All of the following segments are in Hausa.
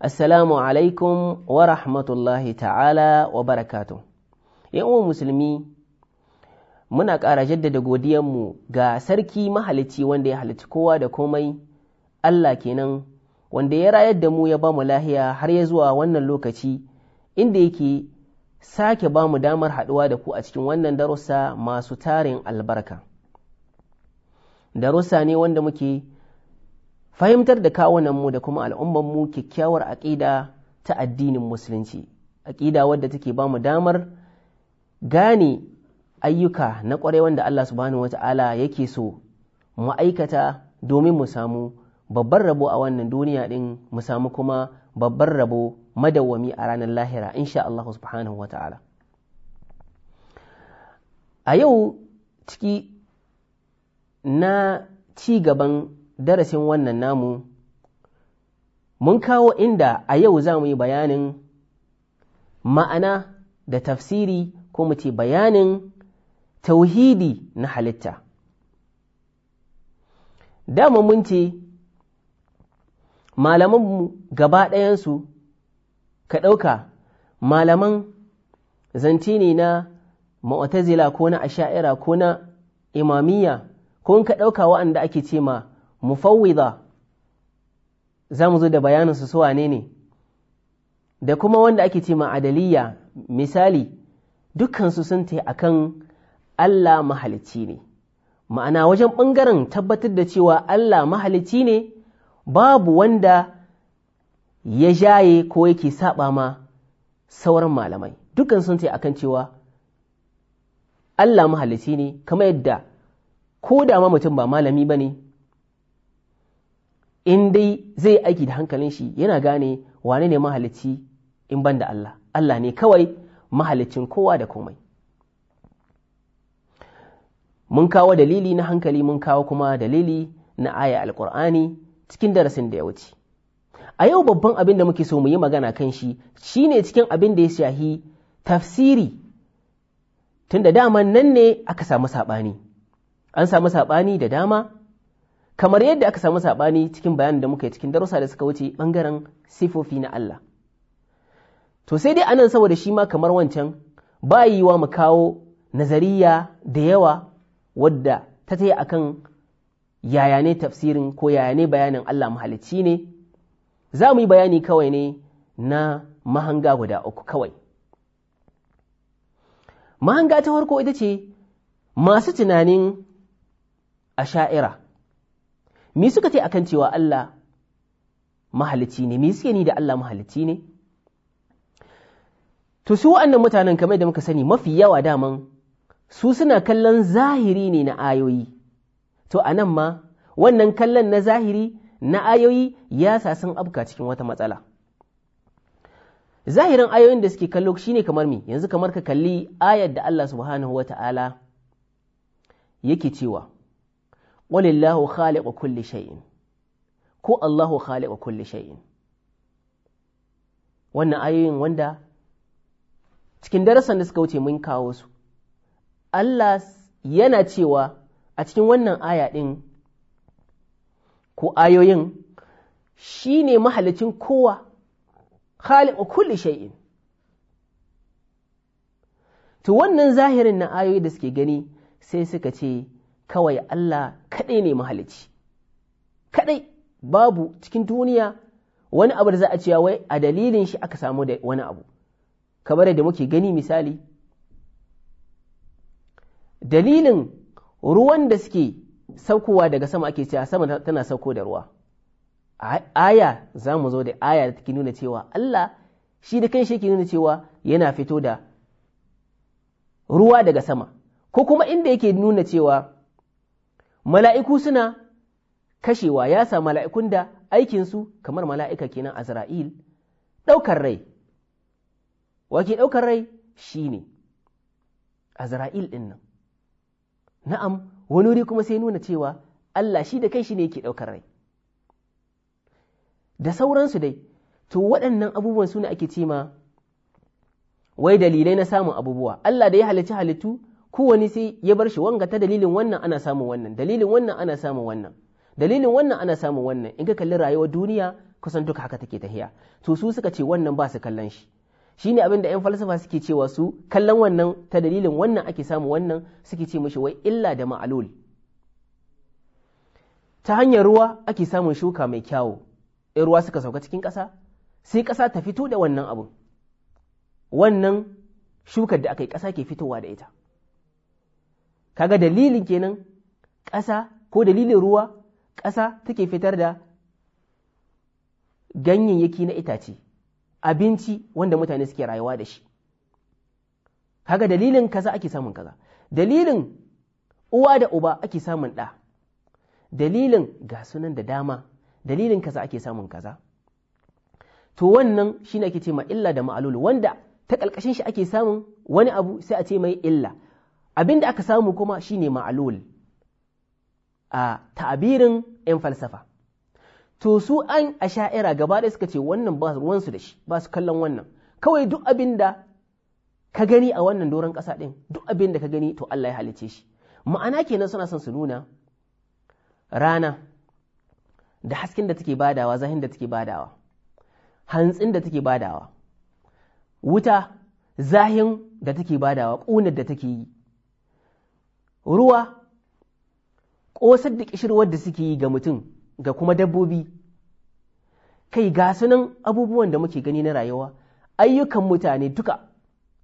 Assalamu alaikum wa rahmatullahi ta'ala wa barakatu. uwa musulmi, muna ƙara jaddada godiyanmu ga sarki mahalicci wanda ya halicci kowa da komai, Allah kenan, wanda ya rayar da mu ya ba mu lahiya har ya zuwa wannan lokaci, inda yake sake ba mu damar haɗuwa da ku a cikin wannan darussa masu tarin albarka. Darussa ne wanda muke fahimtar da kawunanmu da kuma mu kyakkyawar aƙida ta addinin musulunci aƙida wadda take ba mu damar gane ayyuka na ƙwarai wanda Allah subhanahu wata'ala yake so mu aikata domin mu samu babban rabo a wannan duniya ɗin mu samu kuma babban rabo madawwami a ranar lahira insha Allah subhanahu wata'ala a yau ciki na ci gaban darasin wannan namu mun kawo inda a yau za mu yi bayanin ma'ana da tafsiri ko mu ce bayanin tauhidi na halitta dama mun ce malamanmu gaba ɗayansu ka ɗauka malaman zance ne na ma'atazila ko na asha'ira ko na imamiyya ko ka ɗauka wa'anda ake ce ma mufawwida za mu zo da bayanin su wane ne da kuma wanda ake ce ma'adaliya misali dukansu sun ta akan Allah mahalicci ne ma'ana wajen ɓangaren tabbatar da cewa Allah mahalicci ne babu wanda ya jaye ko yake saba ma sauran malamai dukkan sun ta akan cewa Allah mahalicci ne Kama yadda ko da ma mutum ba malami ba ne in dai zai aiki da hankalin shi yana gane wane ne mahalicci in ban da Allah Allah ne kawai mahalicin kowa da komai mun kawo dalili na hankali mun kawo kuma dalili na aya alkur'ani cikin darasin da ya wuce a yau babban abin da muke so mu yi magana kan shi shi ne cikin abin da ya shahi tafsiri tunda dama nan ne aka samu saɓani an samu saɓani da dama kamar yadda aka samu saɓani cikin bayanin da muka yi cikin darussa da suka wuce ɓangaren sifofi na Allah to sai dai anan saboda shi ma kamar wancan ba yiwa mu kawo nazariya da yawa wadda ta taya akan yaya ne tafsirin ko yaya ne bayanin Allah mahalicci ne za mu yi bayani kawai ne na mahanga guda uku kawai mahanga ta farko ita ce masu tunanin a sha'ira. me suka ce akan cewa Allah mahalicci ne me suke ni da Allah mahalicci ne to su wa'annan mutanen kamar da muka sani mafi yawa daman su suna kallon zahiri ne na ayoyi to a nan ma wannan kallon na zahiri na ayoyi ya sa sun abka cikin wata matsala zahirin ayoyin da suke kallo shi ne kamar mi, yanzu kamar ka kalli ayar da Allah subhanahu wa ta'ala yake cewa walillahu khaliqu kulli shay'in ko Allahu khaliqu kulli shay'in wannan ayoyin wanda cikin darasan da suka wuce mun kawo su Allah yana cewa a cikin wannan aya ɗin ko ayoyin shine mahallacin kowa khaliqu kulli shay'in to wannan zahirin na ayoyi da suke gani sai suka ce kawai Allah kaɗai ne mahalicci kaɗai babu cikin duniya wani abu da za a cewa wai a dalilin shi aka samu da wani abu kamar da muke gani misali dalilin ruwan da suke saukowa daga sama ake cewa sama tana sauko da ruwa aya za mu zo da aya da take nuna cewa Allah shi da kanshi yake nuna cewa yana fito da ruwa daga sama ko kuma inda yake nuna cewa mala'iku suna kashewa ya sa mala'ikun da aikinsu kamar mala'ika kenan Azra'il ɗaukar rai, wake ɗaukar rai shi ne, Azra'il ɗin nan. Na'am, wani wuri kuma sai nuna cewa Allah shi da kai shi ne yake ɗaukar rai. Da sauransu dai, to waɗannan abubuwan suna ake cema wai dalilai na samun abubuwa. Allah da ya halicci halittu kowane sai ya bar shi wanga ta dalilin wannan ana samun wannan dalilin wannan ana samun wannan dalilin wannan ana samun wannan in ka kalli rayuwar duniya kusan duka haka take tahiya to su suka ce wannan ba su kallon shi shine abin da 'yan falsafa suke cewa su kallon wannan ta dalilin wannan ake samu wannan suke ce mishi wai illa da ma'alul ta hanyar ruwa ake samun shuka mai kyawu in ruwa suka sauka cikin ƙasa sai ƙasa ta fito da wannan abun wannan shukar da aka yi ƙasa ke fitowa da ita kaga dalilin kenan ƙasa ko dalilin ruwa ƙasa take fitar da ganyayyaki na itace abinci wanda mutane suke rayuwa da shi kaga dalilin kaza ake samun kaza dalilin uwa da uba ake samun ɗa dalilin ga sunan da dama dalilin kaza ake samun kaza to wannan shine ake ce ma illa da ma'alul wanda ta ƙalƙashin shi ake samun wani abu sai a ce mai illa abin da aka samu kuma shine ma'alul a ta'abirin 'yan falsafa to su an a sha'ira gaba ɗaya suka ce wannan ba ruwansu da shi ba su kallon wannan kawai duk abin da ka gani a wannan doron ƙasa ɗin duk abin da ka gani to Allah ya halice shi ma'ana kenan suna son su nuna rana da hasken da take badawa zahin da take badawa hantsin da take badawa wuta zahin da take badawa ƙunar da take yi ruwa ƙosar da ƙishirwar da suke yi ga mutum ga kuma dabbobi kai ga sunan abubuwan da muke gani na rayuwa ayyukan mutane duka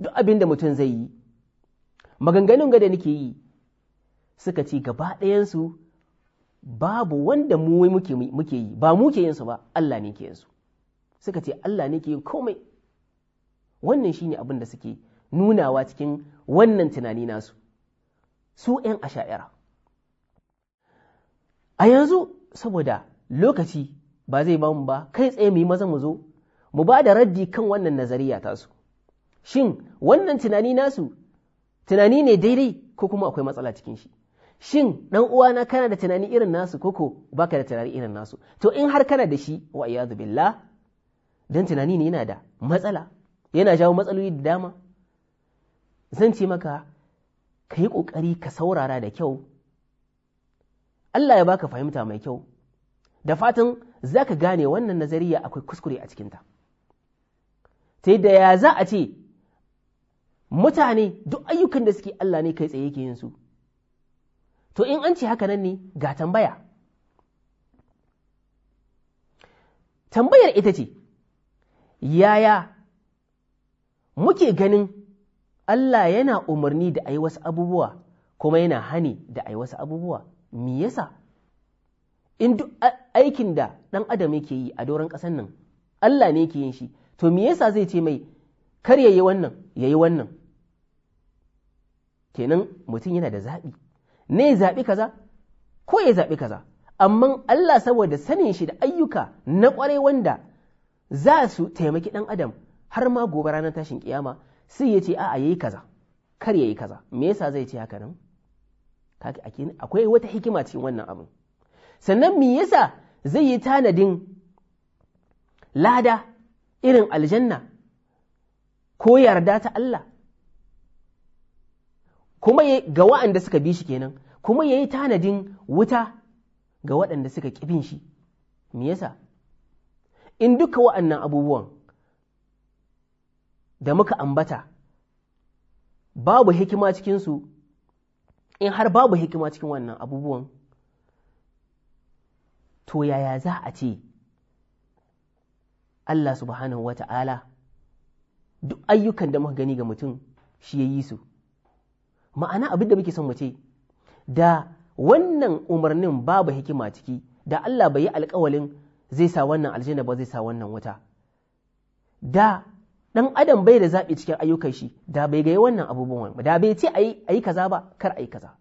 duk abin da mutum zai yi maganganun ga da nake yi suka ce gaba ɗayansu babu wanda mu muke yi ba muke yinsu ba Allah ne ke yinsu suka ce Allah ne ke yin komai wannan shine abin da suke nunawa cikin wannan tunani nasu su ‘yan asha'ira a yanzu saboda lokaci ba zai ba mu ba kai tsaye mu yi maza mu zo mu ba da raddi kan wannan nazariya tasu shin wannan tunani nasu tunani ne daidai ko kuma akwai matsala cikin shi shin ɗan uwana kana da tunani irin nasu koko baka da tunani irin nasu to in har kana da shi wa iyadu billah dan tunani ne yana da matsala yana jawo matsaloli da dama zan ce maka ka yi ƙoƙari ka saurara da kyau Allah ya baka fahimta mai kyau da fatan za ka gane wannan nazariya akwai kuskure a cikinta ta yadda ya za a ce mutane duk ayyukan da suke Allah ne kai tsaye ke yin su to in an ce haka nan ne ga tambaya tambayar ita ce yaya muke ganin Allah yana umarni da a yi wasu abubuwa kuma yana hani da a yi wasu abubuwa me yasa in duk aikin da ɗan adam yake yi a doron ƙasar nan Allah ne yake yin shi to me yasa zai ce mai kar yayi wannan yayi wannan kenan mutum yana da zaɓi ne ya zaɓi kaza ko ya zaɓi kaza amma Allah saboda sanin shi da ayyuka na ƙwarai wanda za su taimaki ɗan adam har ma gobe ranar tashin kiyama sai ya ce a'a yi kaza kar ya yi kaza me yasa zai ce haka nan akwai wata hikima cikin wannan abin sannan me yasa zai yi tanadin lada irin aljanna ko yarda ta Allah kuma ga waɗanda suka bi shi kenan kuma ya yi tanadin wuta ga waɗanda suka ƙibin shi me yasa in duka waɗannan abubuwan da muka ambata babu hikima cikinsu in har babu hikima cikin wannan abubuwan to yaya za a ce Allah subhanahu wa ta'ala duk ayyukan da muka gani ga mutum shi ya yi su ma'ana abin da muke son mu da wannan umarnin babu hikima ciki da Allah bai yi alkawalin zai sa wannan aljanna ba zai sa wannan wuta da dan adam bai da zaɓi cikin ayyukan shi da bai ga wannan abubuwan ba da bai ce ayi ayi kaza ba kar ayi kaza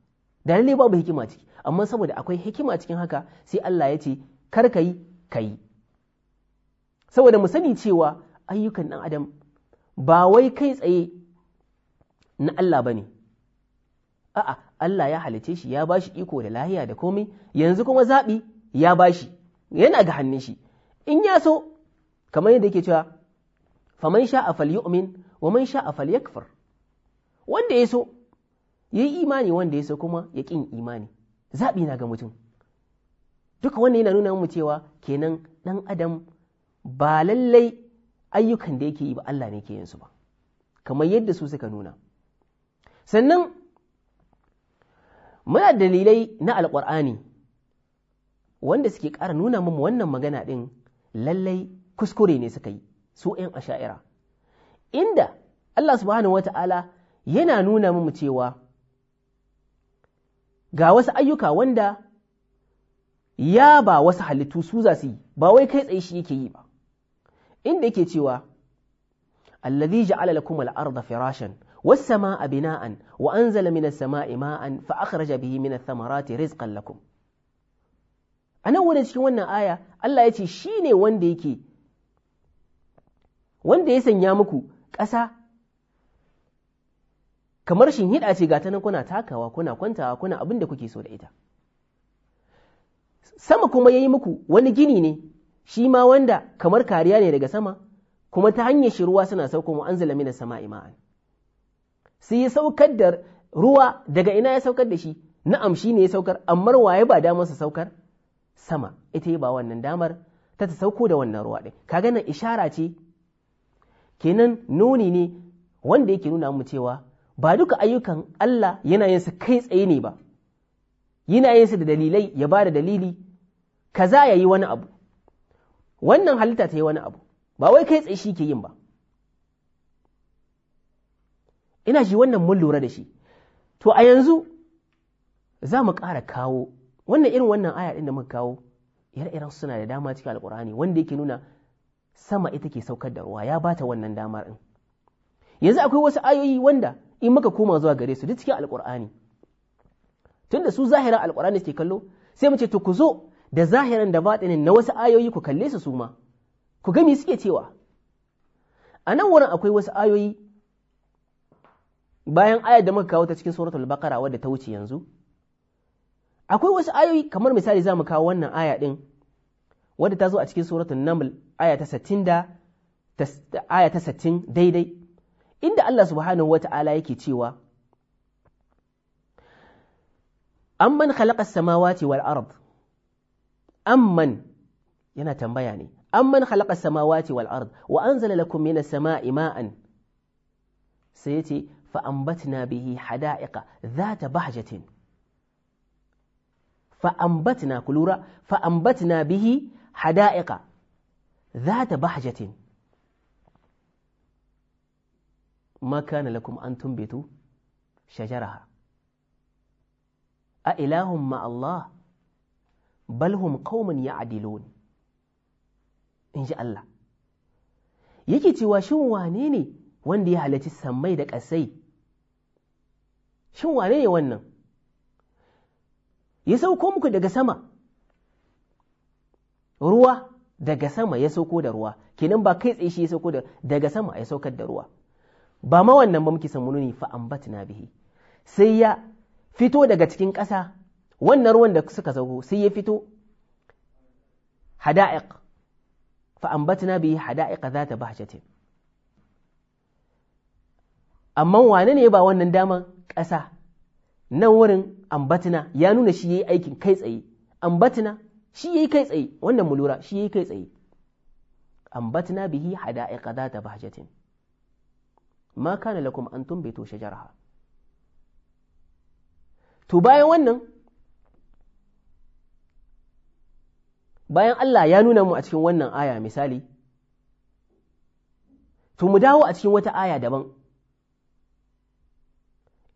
da lalle babu hikima ciki amma saboda akwai hikima cikin haka sai Allah ya ce kar kai kayi saboda mu sani cewa ayyukan dan adam ba wai kai tsaye na Allah bane a'a Allah ya halice shi ya bashi iko da lahiya da komai yanzu kuma zaɓi ya bashi yana ga hannun shi in ya so kamar yadda yake cewa faman sha'a falyu'min wa man sha'a falyakfur wanda ya so yayi imani wanda ya so kuma ya kin imani Zaɓi na ga mutum duka wannan yana nuna mu cewa kenan ɗan adam ba lallai ayyukan da yake yi ba Allah ne ke yin su ba kamar yadda su suka nuna sannan muna dalilai na alƙur'ani wanda suke ƙara nuna mu wannan magana ɗin lallai kuskure ne suka yi su ‘yan asha'ira inda Allah subhanahu wata'ala yana nuna mu cewa ga wasu ayyuka wanda ya ba wasu halittu su za su yi ba wai kai tsaye shi yake yi ba inda yake cewa allazi ja'ala kuma al-ardha firashan was-samaa bina'an wa mina minas samaa'i ma'an fa akhraja bihi minath thamarati rizqan lakum nan wurin cikin wannan aya Allah ya ce shi ne wanda yake wanda ya sanya muku ƙasa kamar shinhiɗa ce ga ta nan kuna takawa kuna kwantawa kuna abin da kuke so da ita sama kuma ya yi muku wani gini ne shi ma wanda kamar kariya ne daga sama kuma ta hanyar shi ruwa suna sauko mu an zalami na sama ima'an sai ya saukar da ruwa daga ina ya saukar da shi na'am shi ne ya saukar amma waye ba damar sa saukar sama ita ba wannan damar ta ta sauko da wannan ruwa ɗin kaga nan ishara ce kenan nuni ne wanda yake nuna mu cewa ba duka ayyukan Allah yana yin su kai tsaye ne ba yana yin su da dalilai ya ba da dalili kaza ya yi wani abu wannan halitta ta yi wani abu ba wai kai tsaye shi ke yin ba ina shi wannan mun lura da shi to a yanzu za mu ƙara kawo wannan irin wannan aya ɗin da muka kawo ire-iren suna da dama cikin alƙur'ani wanda yake nuna sama ita ke saukar da ruwa ya bata wannan damar in yanzu akwai wasu ayoyi wanda in muka koma zuwa gare su duk cikin alkur'ani tunda su zahiran alkur'ani suke kallo sai mu ce to ku zo da zahiran da batinin na wasu ayoyi ku kalle su suma ku ga me suke cewa a nan wurin akwai wasu ayoyi bayan ayar da muka kawo ta cikin suratul baqara wadda ta wuce yanzu akwai wasu ayoyi kamar misali za mu kawo wannan aya din wadda ta zo a cikin suratun naml aya ta 60 daidai inda Allah subhanahu ta'ala yake cewa amman khalaqa samawati wal ard amman yana tambaya ne amman khalaqa samawati wal ard wa anzala lakum minas sama'i ma'an sai yace fa ambatna bihi hada'iqa dhata bahjatin fa ambatna kulura fa ambatna bihi hada'iqa ذات بهجة ما كان لكم أن تنبتوا شجرها أإله مع الله بل هم قوم يعدلون إن شاء الله yake cewa shin wane wanda ya halarci sammai da ƙasai shin wane wannan ya sauko muku daga sama ruwa daga sama ya sauko da ruwa kenan ba kai tsaye shi ya sauko daga sama ya saukar da ruwa ba ma wannan ba muke san mununi fa na bihi sai ya fito daga cikin ƙasa wannan ruwan da suka sauko sai ya fito hada'iq fa na bihi hada'iqa zata bahjatin amma wane ne ba wannan daman ƙasa nan wurin ambatna ya nuna shi ya yi aikin kai tsaye ambatna shi yayi kai tsaye wannan mu lura shi yayi kai tsaye ambatna bihi hada'iqa zata bahjatin ma kana lakum an tumbitu shajarha to bayan wannan bayan Allah ya nuna mu a cikin wannan aya misali to mu dawo a cikin wata aya daban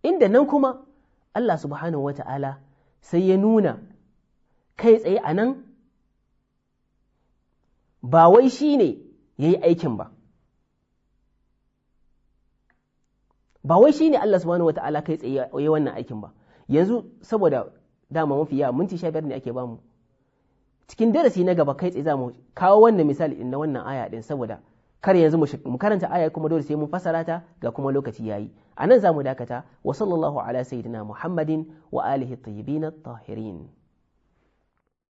inda nan kuma Allah subhanahu wata'ala sai ya nuna kai tsaye a nan ba wai shi ne ya yi aikin ba ba wai shi ne Allah subhanahu ta'ala kai tsaye ya yi wannan aikin ba yanzu saboda dama mafi yawa minti sha biyar ne ake bamu cikin darasi na gaba kai tsaye za mu kawo wannan misali din na wannan aya din saboda kar yanzu mu karanta aya kuma dole sai mun fassara ta ga kuma lokaci yayi anan za mu dakata wa sallallahu ala sayyidina muhammadin wa alihi tayyibin tahirin